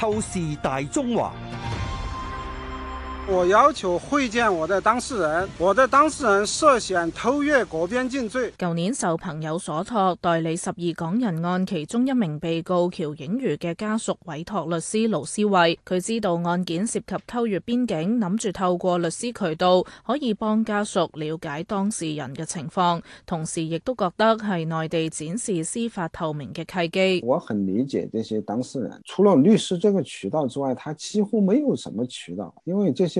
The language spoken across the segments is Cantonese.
透視大中華。我要求會見我的當事人，我的當事人涉嫌偷越國邊境罪。舊年受朋友所託，代理十二港人案其中一名被告喬影如嘅家屬委託律師盧思位。佢知道案件涉及偷越邊境，諗住透過律師渠道可以幫家屬了解當事人嘅情況，同時亦都覺得係內地展示司法透明嘅契機。我很理解這些當事人，除了律師這個渠道之外，他幾乎沒有什麼渠道，因為這些。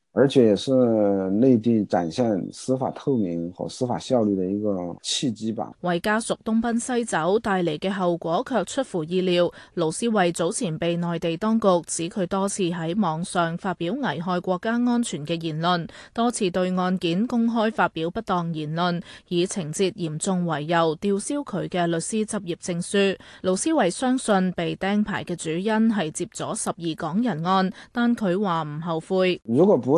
而且也是內地展現司法透明和司法效率的一個契機吧。為家屬東奔西走帶嚟嘅後果卻出乎意料。盧思位早前被內地當局指佢多次喺網上發表危害國家安全嘅言論，多次對案件公開發表不當言論，以情節嚴重為由吊銷佢嘅律師執業證書。盧思位相信被釘牌嘅主因係接咗十二港人案，但佢話唔後悔。如果不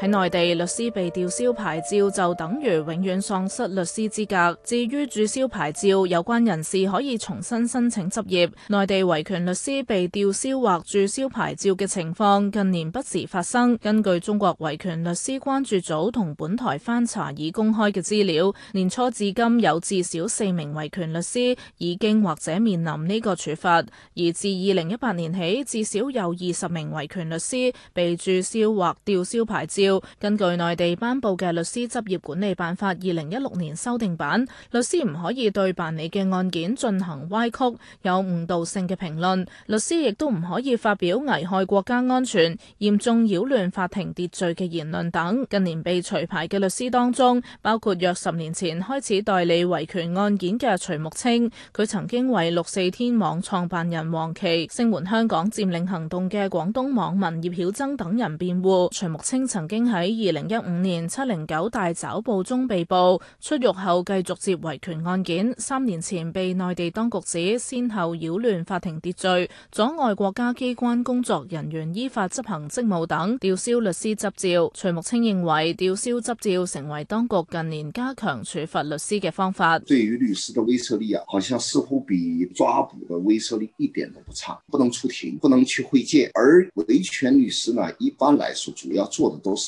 喺內地，律師被吊銷牌照就等於永遠喪失律師資格。至於註銷牌照，有關人士可以重新申請執業。內地維權律師被吊銷或註銷牌照嘅情況近年不時發生。根據中國維權律師關注組同本台翻查已公開嘅資料，年初至今有至少四名維權律師已經或者面臨呢個處罰，而自二零一八年起，至少有二十名維權律師被註銷或吊銷牌照。根據內地頒布嘅律師執業管理辦法二零一六年修訂版，律師唔可以對辦理嘅案件進行歪曲、有誤導性嘅評論，律師亦都唔可以發表危害國家安全、嚴重擾亂法庭秩序嘅言論等。近年被除牌嘅律師當中，包括約十年前開始代理維權案件嘅隋牧青，佢曾經為六四天網創辦人黃琦、聲援香港佔領行動嘅廣東網民葉曉增等人辯護。隋牧青曾經經喺二零一五年七零九大抓捕中被捕，出獄後繼續接維權案件。三年前被內地當局指先後擾亂法庭秩序、阻礙國家機關工作人員依法執行職務等，吊銷律師執照。隋牧青認為，吊銷執照成為當局近年加強處罰律師嘅方法。對於律師的威懾力啊，好像似乎比抓捕的威懾力一點都不差。不能出庭，不能去會見，而維權律師呢，一般來說主要做的都是。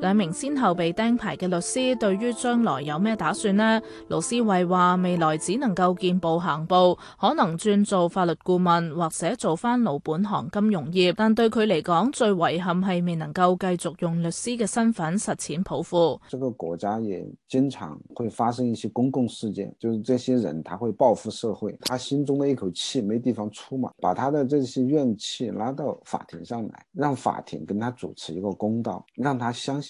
兩名先後被釘牌嘅律師對於將來有咩打算呢？盧思位話：未來只能夠見步行步，可能轉做法律顧問或者做翻老本行金融業。但對佢嚟講，最遺憾係未能夠繼續用律師嘅身份實踐抱負。這個國家也經常會發生一些公共事件，就是這些人他會報復社會，他心中的一口氣沒地方出嘛，把他的這些怨氣拉到法庭上來，讓法庭跟他主持一個公道，讓他相信。